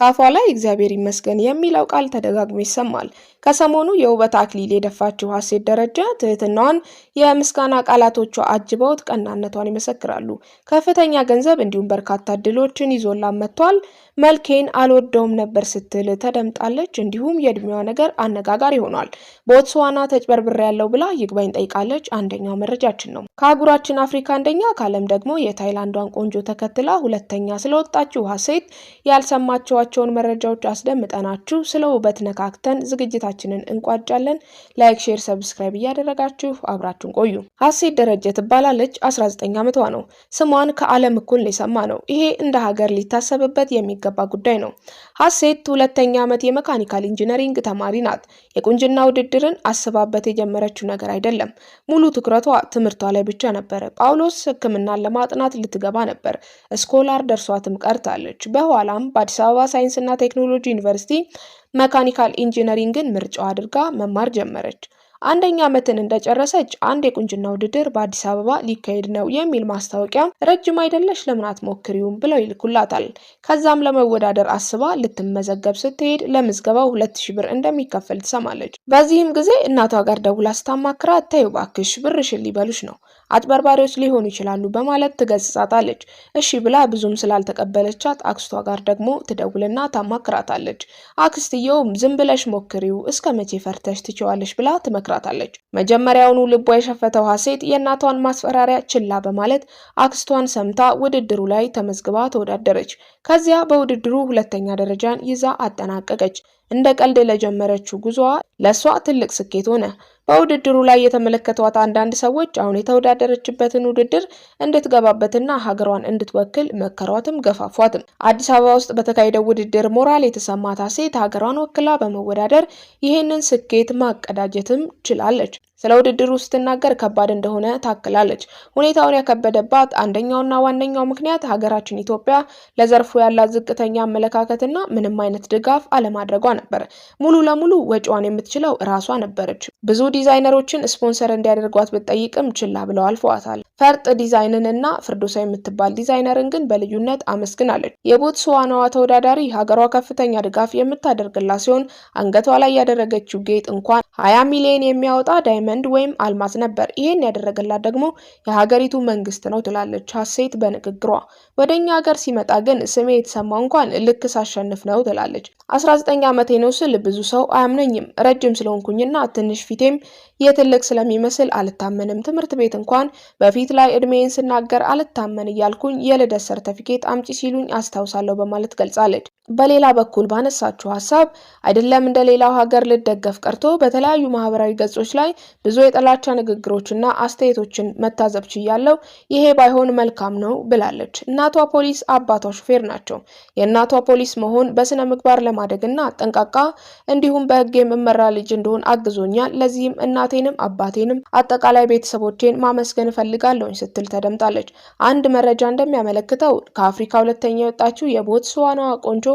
ከአፏ ላይ እግዚአብሔር ይመስገን የሚለው ቃል ተደጋግሞ ይሰማል። ከሰሞኑ የውበት አክሊል የደፋችው ሀሴት ደረጀ ትህትናዋን የምስጋና ቃላቶቿ አጅበውት ቀናነቷን ይመሰክራሉ። ከፍተኛ ገንዘብ እንዲሁም በርካታ እድሎችን ይዞላ መጥቷል። መልኬን አልወደውም ነበር ስትል ተደምጣለች። እንዲሁም የእድሜዋ ነገር አነጋጋሪ ሆኗል። ቦትስዋና ተጭበርብሬ ያለው ብላ ይግባኝ ጠይቃለች። አንደኛው መረጃችን ነው። ከአህጉራችን አፍሪካ አንደኛ ከዓለም ደግሞ የታይላንዷን ቆንጆ ተከትላ ሁለተኛ ስለወጣችው ሀሴት ያልሰማቸዋቸው ያገኘናቸውን መረጃዎች አስደምጠናችሁ ስለ ውበት ነካክተን ዝግጅታችንን እንቋጫለን። ላይክ፣ ሼር፣ ሰብስክራይብ እያደረጋችሁ አብራችሁን ቆዩ። ሀሴት ደረጀ ትባላለች። 19 ዓመቷ ነው። ስሟን ከዓለም እኩል ሊሰማ የሰማ ነው። ይሄ እንደ ሀገር ሊታሰብበት የሚገባ ጉዳይ ነው። ሀሴት ሁለተኛ ዓመት የመካኒካል ኢንጂነሪንግ ተማሪ ናት። የቁንጅና ውድድርን አስባበት የጀመረችው ነገር አይደለም። ሙሉ ትኩረቷ ትምህርቷ ላይ ብቻ ነበር ጳውሎስ ሕክምናን ለማጥናት ልትገባ ነበር። ስኮላር ደርሷትም ቀርታለች። በኋላም በአዲስ አበባ ሳይንስና ቴክኖሎጂ ዩኒቨርሲቲ መካኒካል ኢንጂነሪንግን ምርጫው አድርጋ መማር ጀመረች። አንደኛ ዓመትን እንደጨረሰች አንድ የቁንጅና ውድድር በአዲስ አበባ ሊካሄድ ነው የሚል ማስታወቂያ ረጅም አይደለሽ ለምን አትሞክሪውም ብለው ይልኩላታል። ከዛም ለመወዳደር አስባ ልትመዘገብ ስትሄድ ለምዝገባው ሁለት ሺ ብር እንደሚከፈል ትሰማለች። በዚህም ጊዜ እናቷ ጋር ደውላ ስታማክራት ተይው እባክሽ ብርሽን ሊበሉሽ ነው አጭበርባሪዎች ሊሆኑ ይችላሉ በማለት ትገስጻታለች። እሺ ብላ ብዙም ስላልተቀበለቻት አክስቷ ጋር ደግሞ ትደውልና ታማክራታለች። አክስትየውም ዝም ብለሽ ሞክሪው እስከ መቼ ፈርተሽ ትችዋለሽ ብላ ትመክራታለች። መጀመሪያውኑ ልቧ የሸፈተው ሀሴት የእናቷን ማስፈራሪያ ችላ በማለት አክስቷን ሰምታ ውድድሩ ላይ ተመዝግባ ተወዳደረች። ከዚያ በውድድሩ ሁለተኛ ደረጃን ይዛ አጠናቀቀች። እንደ ቀልድ ለጀመረችው ጉዞዋ ለእሷ ትልቅ ስኬት ሆነ። በውድድሩ ላይ የተመለከቷት አንዳንድ ሰዎች አሁን የተወዳደረችበትን ውድድር እንድትገባበትና ሀገሯን እንድትወክል መከሯትም ገፋፏትም። አዲስ አበባ ውስጥ በተካሄደው ውድድር ሞራል የተሰማታ ሴት ሀገሯን ወክላ በመወዳደር ይህንን ስኬት ማቀዳጀትም ችላለች። ስለ ውድድሩ ስትናገር ከባድ እንደሆነ ታክላለች። ሁኔታውን ያከበደባት አንደኛውና ዋነኛው ምክንያት ሀገራችን ኢትዮጵያ ለዘርፉ ያላት ዝቅተኛ አመለካከትና ምንም አይነት ድጋፍ አለማድረጓ ነበር። ሙሉ ለሙሉ ወጪዋን የምትችለው ራሷ ነበረች። ብዙ ዲዛይነሮችን ስፖንሰር እንዲያደርጓት ብትጠይቅም ችላ ብለው አልፈዋታል። ፈርጥ ዲዛይንን ፍርዶሳ የምትባል ዲዛይነርን ግን በልዩነት አመስግናለች። የቦትስዋናዋ ተወዳዳሪ ሀገሯ ከፍተኛ ድጋፍ የምታደርግላት ሲሆን አንገቷ ላይ ያደረገችው ጌጥ እንኳን ሀያ ሚሊዮን የሚያወጣ ዳይመ ዳይመንድ ወይም አልማዝ ነበር። ይህን ያደረገላት ደግሞ የሀገሪቱ መንግስት ነው ትላለች ሀሴት በንግግሯ። ወደ እኛ ሀገር ሲመጣ ግን ስሜ የተሰማው እንኳን ልክ ሳሸንፍ ነው ትላለች። 19 ዓመቴ ነው ስል ብዙ ሰው አያምነኝም። ረጅም ስለሆንኩኝና ትንሽ ፊቴም የትልቅ ስለሚመስል አልታመንም። ትምህርት ቤት እንኳን በፊት ላይ እድሜን ስናገር አልታመን እያልኩኝ የልደት ሰርተፊኬት አምጪ ሲሉኝ አስታውሳለሁ በማለት ገልጻለች። በሌላ በኩል ባነሳችሁ ሀሳብ አይደለም እንደ ሌላው ሀገር ልደገፍ ቀርቶ በተለያዩ ማህበራዊ ገጾች ላይ ብዙ የጥላቻ ንግግሮችና አስተያየቶችን መታዘብ ችያለው። ይሄ ባይሆን መልካም ነው ብላለች። እናቷ ፖሊስ፣ አባቷ ሹፌር ናቸው። የእናቷ ፖሊስ መሆን በስነ ምግባር ለማ ማደግና ጠንቃቃ እንዲሁም በህግ የምመራ ልጅ እንደሆን አግዞኛል። ለዚህም እናቴንም አባቴንም አጠቃላይ ቤተሰቦቼን ማመስገን እፈልጋለሁኝ ስትል ተደምጣለች። አንድ መረጃ እንደሚያመለክተው ከአፍሪካ ሁለተኛ የወጣችው የቦትስዋና ቆንጆ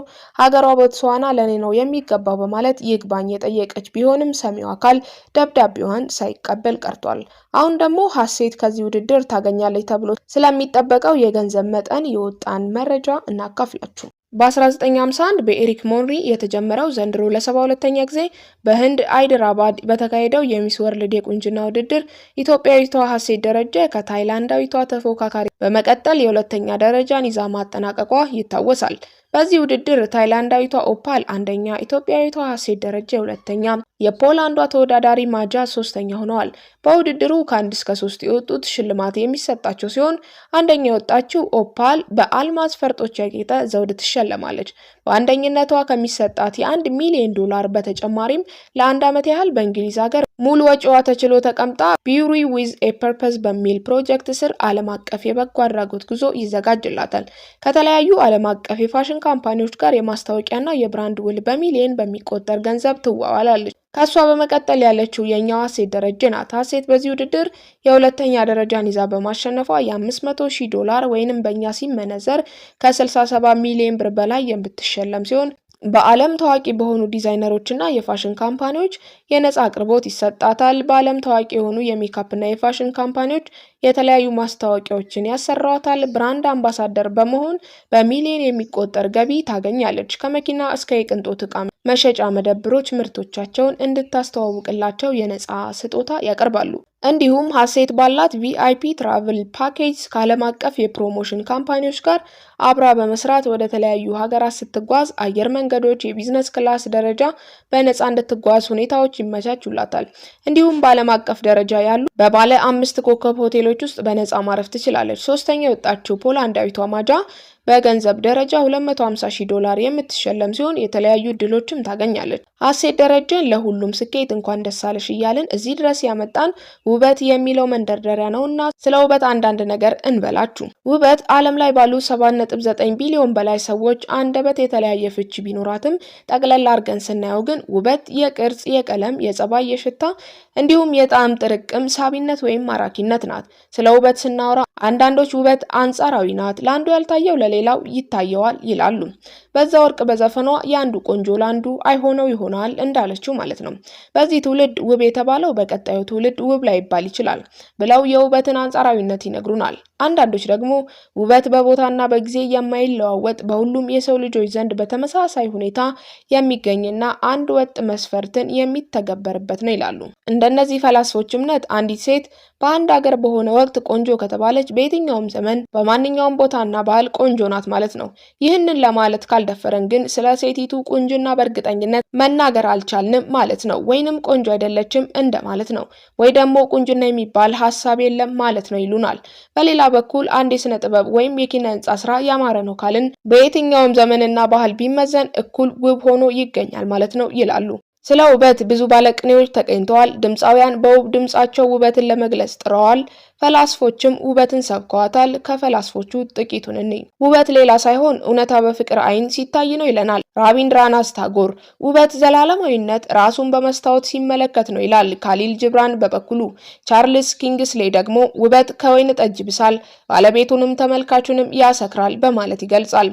ሀገሯ ቦትስዋና ለእኔ ነው የሚገባው በማለት ይግባኝ የጠየቀች ቢሆንም ሰሚው አካል ደብዳቤዋን ሳይቀበል ቀርቷል። አሁን ደግሞ ሀሴት ከዚህ ውድድር ታገኛለች ተብሎ ስለሚጠበቀው የገንዘብ መጠን የወጣን መረጃ እናካፍላችሁ። በ1951 በኤሪክ ሞንሪ የተጀመረው ዘንድሮ ለ72ኛ ጊዜ በህንድ አይድራባድ በተካሄደው የሚስ ወርልድ የቁንጅና ውድድር ኢትዮጵያዊቷ ሀሴት ደረጀ ከታይላንዳዊቷ ተፎካካሪ በመቀጠል የሁለተኛ ደረጃን ይዛ ማጠናቀቋ ይታወሳል። በዚህ ውድድር ታይላንዳዊቷ ኦፓል አንደኛ፣ ኢትዮጵያዊቷ ሀሴት ደረጀ ሁለተኛ፣ የፖላንዷ ተወዳዳሪ ማጃ ሶስተኛ ሆነዋል። በውድድሩ ከአንድ እስከ ሶስት የወጡት ሽልማት የሚሰጣቸው ሲሆን አንደኛ የወጣችው ኦፓል በአልማዝ ፈርጦች ያጌጠ ዘውድ ትሸለማለች። በአንደኝነቷ ከሚሰጣት የአንድ ሚሊዮን ዶላር በተጨማሪም ለአንድ ዓመት ያህል በእንግሊዝ ሀገር ሙሉ ወጪዋ ተችሎ ተቀምጣ ቢውሪ ዊዝ ኤ ፐርፐስ በሚል ፕሮጀክት ስር ዓለም አቀፍ የበጎ አድራጎት ጉዞ ይዘጋጅላታል። ከተለያዩ ዓለም አቀፍ የፋሽን ካምፓኒዎች ጋር የማስታወቂያና የብራንድ ውል በሚሊየን በሚቆጠር ገንዘብ ትዋዋላለች። ከእሷ በመቀጠል ያለችው የእኛዋ ሴት ደረጀ ናት። ሴት በዚህ ውድድር የሁለተኛ ደረጃን ይዛ በማሸነፏ የ500 ሺህ ዶላር ወይንም በእኛ ሲመነዘር ከ67 ሚሊዮን ብር በላይ የምትሸለም ሲሆን በዓለም ታዋቂ በሆኑ ዲዛይነሮች እና የፋሽን ካምፓኒዎች የነፃ አቅርቦት ይሰጣታል። በዓለም ታዋቂ የሆኑ የሜካፕ እና የፋሽን ካምፓኒዎች የተለያዩ ማስታወቂያዎችን ያሰራዋታል። ብራንድ አምባሳደር በመሆን በሚሊዮን የሚቆጠር ገቢ ታገኛለች። ከመኪና እስከ የቅንጦት ዕቃ መሸጫ መደብሮች ምርቶቻቸውን እንድታስተዋውቅላቸው የነፃ ስጦታ ያቀርባሉ። እንዲሁም ሀሴት ባላት ቪአይፒ ትራቭል ፓኬጅ ከዓለም አቀፍ የፕሮሞሽን ካምፓኒዎች ጋር አብራ በመስራት ወደ ተለያዩ ሀገራት ስትጓዝ አየር መንገዶች የቢዝነስ ክላስ ደረጃ በነፃ እንድትጓዝ ሁኔታዎች ይመቻቹላታል። እንዲሁም በዓለም አቀፍ ደረጃ ያሉ በባለ አምስት ኮከብ ሆቴሎች ውስጥ በነፃ ማረፍ ትችላለች። ሶስተኛ የወጣችው ፖላንዳዊቷ ማጃ በገንዘብ ደረጃ 250 ሺህ ዶላር የምትሸለም ሲሆን የተለያዩ እድሎችም ታገኛለች። ሀሴት ደረጀን ለሁሉም ስኬት እንኳን ደስ አለሽ እያልን እዚህ ድረስ ያመጣን ውበት የሚለው መንደርደሪያ ነው እና ስለ ውበት አንዳንድ ነገር እንበላችሁ። ውበት ዓለም ላይ ባሉ 7.9 ቢሊዮን በላይ ሰዎች አንደበት የተለያየ ፍቺ ቢኖራትም ጠቅለላ አድርገን ስናየው ግን ውበት የቅርጽ፣ የቀለም፣ የጸባይ፣ የሽታ እንዲሁም የጣዕም ጥርቅም ሳቢነት ወይም ማራኪነት ናት። ስለ ውበት ስናወራ አንዳንዶች ውበት አንጻራዊ ናት፣ ለአንዱ ያልታየው ለሌላው ይታየዋል ይላሉ። በዛ ወርቅ በዘፈኗ የአንዱ ቆንጆ ለአንዱ አይሆነው ይሆናል እንዳለችው ማለት ነው። በዚህ ትውልድ ውብ የተባለው በቀጣዩ ትውልድ ውብ ላይባል ይችላል ብለው የውበትን አንጻራዊነት ይነግሩናል። አንዳንዶች ደግሞ ውበት በቦታና በጊዜ የማይለዋወጥ በሁሉም የሰው ልጆች ዘንድ በተመሳሳይ ሁኔታ የሚገኝና አንድ ወጥ መስፈርትን የሚተገበርበት ነው ይላሉ። እንደነዚህ ፈላስፎች እምነት አንዲት ሴት በአንድ አገር በሆነ ወቅት ቆንጆ ከተባለች በየትኛውም ዘመን በማንኛውም ቦታና ባህል ቆንጆ ናት ማለት ነው። ይህንን ለማለት ካልደፈረን ግን ስለ ሴቲቱ ቁንጅና በእርግጠኝነት መናገር አልቻልንም ማለት ነው። ወይንም ቆንጆ አይደለችም እንደማለት ነው። ወይ ደግሞ ቁንጅና የሚባል ሀሳብ የለም ማለት ነው ይሉናል። በሌላ በኩል አንድ የስነ ጥበብ ወይም የኪነ ህንፃ ስራ ያማረ ነው ካልን በየትኛውም ዘመንና ባህል ቢመዘን እኩል ውብ ሆኖ ይገኛል ማለት ነው ይላሉ። ስለ ውበት ብዙ ባለቅኔዎች ተገኝተዋል። ድምፃውያን በውብ ድምፃቸው ውበትን ለመግለጽ ጥረዋል። ፈላስፎችም ውበትን ሰብከዋታል። ከፈላስፎቹ ጥቂቱን እኔ ውበት ሌላ ሳይሆን እውነታ በፍቅር አይን ሲታይ ነው ይለናል ራቢንድራናስ ታጎር ውበት ዘላለማዊነት ራሱን በመስታወት ሲመለከት ነው ይላል ካሊል ጅብራን በበኩሉ። ቻርልስ ኪንግስሌ ደግሞ ውበት ከወይን ጠጅ ብሳል፣ ባለቤቱንም ተመልካቹንም ያሰክራል በማለት ይገልጻል።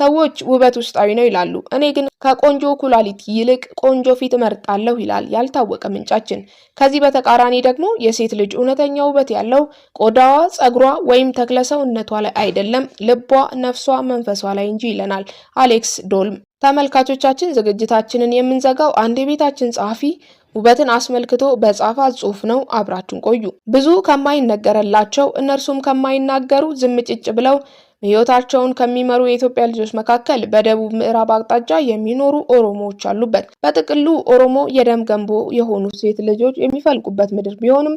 ሰዎች ውበት ውስጣዊ ነው ይላሉ። እኔ ግን ከቆንጆ ኩላሊት ይልቅ ቆንጆ ፊት እመርጣለሁ ይላል ያልታወቀ ምንጫችን። ከዚህ በተቃራኒ ደግሞ የሴት ልጅ እውነተኛ ውበት ያለው ቆዳዋ፣ ጸጉሯ ወይም ተክለሰውነቷ ላይ አይደለም፣ ልቧ፣ ነፍሷ፣ መንፈሷ ላይ እንጂ ይለናል አሌክስ ዶልም። ተመልካቾቻችን ዝግጅታችንን የምንዘጋው አንድ የቤታችን ጸሐፊ ውበትን አስመልክቶ በጻፋ ጽሑፍ ነው። አብራችን ቆዩ። ብዙ ከማይነገረላቸው እነርሱም ከማይናገሩ ዝምጭጭ ብለው ህይወታቸውን ከሚመሩ የኢትዮጵያ ልጆች መካከል በደቡብ ምዕራብ አቅጣጫ የሚኖሩ ኦሮሞዎች አሉበት። በጥቅሉ ኦሮሞ የደም ገንቦ የሆኑ ሴት ልጆች የሚፈልቁበት ምድር ቢሆንም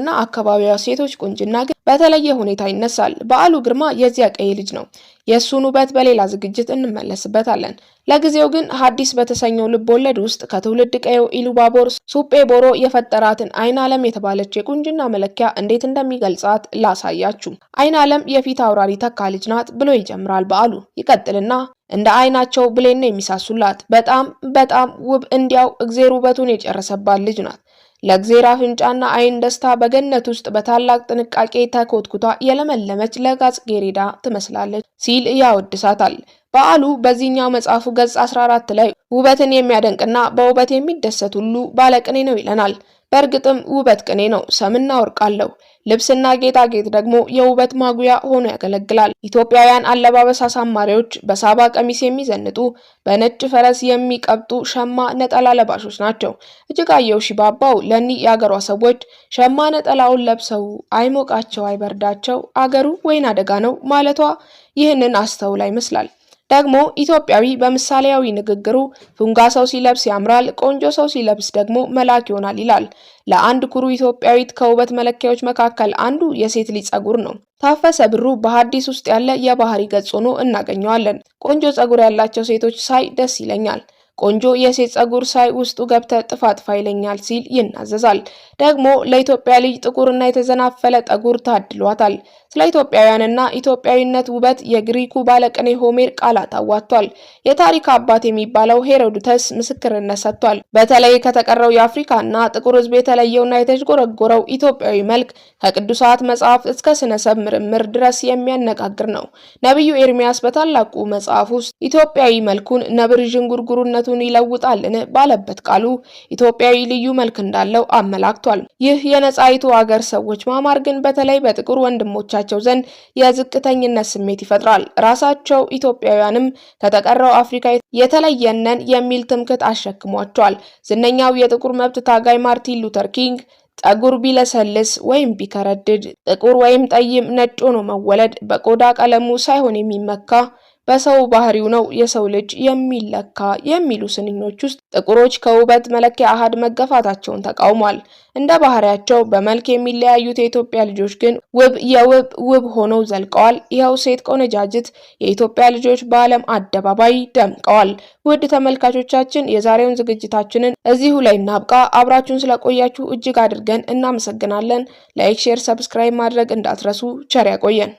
እና አካባቢዋ ሴቶች ቁንጅና ግን በተለየ ሁኔታ ይነሳል። በዓሉ ግርማ የዚያ ቀይ ልጅ ነው። የእሱን ውበት በሌላ ዝግጅት እንመለስበታለን። ለጊዜው ግን ሀዲስ በተሰኘው ልብ ወለድ ውስጥ ከትውልድ ቀየው ኢሉባቦር ሱጴ ቦሮ የፈጠራትን አይን ዓለም የተባለች የቁንጅና መለኪያ እንዴት እንደሚገልጻት ላሳያችሁ። አይን ዓለም የፊት አውራሪ ተካ ልጅ ናት ብሎ ይጀምራል በዓሉ። ይቀጥልና እንደ አይናቸው ብሌን ነው የሚሳሱላት። በጣም በጣም ውብ እንዲያው እግዜር ውበቱን የጨረሰባት ልጅ ናት። ለእግዜር አፍንጫና አይን ደስታ በገነት ውስጥ በታላቅ ጥንቃቄ ተኮትኩታ የለመለመች ለጋጽ ጌሬዳ ትመስላለች ሲል ያወድሳታል። በዓሉ በዚህኛው መጽሐፉ ገጽ 14 ላይ ውበትን የሚያደንቅና በውበት የሚደሰት ሁሉ ባለቅኔ ነው ይለናል። በእርግጥም ውበት ቅኔ ነው፣ ሰምና ወርቅ አለው። ልብስና ጌጣጌጥ ደግሞ የውበት ማጉያ ሆኖ ያገለግላል። ኢትዮጵያውያን አለባበስ አሳማሪዎች በሳባ ቀሚስ የሚዘንጡ፣ በነጭ ፈረስ የሚቀብጡ ሸማ ነጠላ ለባሾች ናቸው። እጅጋየሁ ሺባባው ለኒህ የአገሯ ሰዎች ሸማ ነጠላውን ለብሰው አይሞቃቸው አይበርዳቸው አገሩ ወይን አደጋ ነው ማለቷ ይህንን አስተውላ ይመስላል። ደግሞ ኢትዮጵያዊ በምሳሌያዊ ንግግሩ ፉንጋ ሰው ሲለብስ ያምራል፣ ቆንጆ ሰው ሲለብስ ደግሞ መልአክ ይሆናል ይላል። ለአንድ ኩሩ ኢትዮጵያዊት ከውበት መለኪያዎች መካከል አንዱ የሴት ልጅ ጸጉር ነው። ታፈሰ ብሩ በሐዲስ ውስጥ ያለ የባህሪ ገጽ ሆኖ እናገኘዋለን። ቆንጆ ጸጉር ያላቸው ሴቶች ሳይ ደስ ይለኛል። ቆንጆ የሴት ጸጉር ሳይ ውስጡ ገብተ ጥፋት ፋይለኛል ሲል ይናዘዛል። ደግሞ ለኢትዮጵያ ልጅ ጥቁርና የተዘናፈለ ጠጉር ታድሏታል። ስለ ኢትዮጵያውያንና ኢትዮጵያዊነት ውበት የግሪኩ ባለቅኔ ሆሜር ቃላት አዋጥቷል። የታሪክ አባት የሚባለው ሄሮድተስ ምስክርነት ሰጥቷል። በተለይ ከተቀረው የአፍሪካና ጥቁር ሕዝብ የተለየውና የተዥጎረጎረው ኢትዮጵያዊ መልክ ከቅዱሳት መጽሐፍ እስከ ስነሰብ ምርምር ድረስ የሚያነጋግር ነው። ነቢዩ ኤርሚያስ በታላቁ መጽሐፍ ውስጥ ኢትዮጵያዊ መልኩን ነብር ዥንጉርጉሩነት ፍሰቱን ይለውጣልን ባለበት ቃሉ ኢትዮጵያዊ ልዩ መልክ እንዳለው አመላክቷል። ይህ የነጻይቱ አገር ሰዎች ማማር ግን በተለይ በጥቁር ወንድሞቻቸው ዘንድ የዝቅተኝነት ስሜት ይፈጥራል። ራሳቸው ኢትዮጵያውያንም ከተቀረው አፍሪካ የተለየነን የሚል ትምክት አሸክሟቸዋል። ዝነኛው የጥቁር መብት ታጋይ ማርቲን ሉተር ኪንግ ጠጉር ቢለሰልስ ወይም ቢከረድድ ጥቁር ወይም ጠይም ነጭ ሆኖ መወለድ በቆዳ ቀለሙ ሳይሆን የሚመካ በሰው ባህሪው ነው የሰው ልጅ የሚለካ የሚሉ ስንኞች ውስጥ ጥቁሮች ከውበት መለኪያ አሃድ መገፋታቸውን ተቃውሟል። እንደ ባህሪያቸው በመልክ የሚለያዩት የኢትዮጵያ ልጆች ግን ውብ የውብ ውብ ሆነው ዘልቀዋል። ይኸው ሴት ቆነጃጅት የኢትዮጵያ ልጆች በዓለም አደባባይ ደምቀዋል። ውድ ተመልካቾቻችን የዛሬውን ዝግጅታችንን እዚሁ ላይ እናብቃ። አብራችሁን ስለቆያችሁ እጅግ አድርገን እናመሰግናለን። ላይክ፣ ሼር፣ ሰብስክራይብ ማድረግ እንዳትረሱ። ቸር ያቆየን።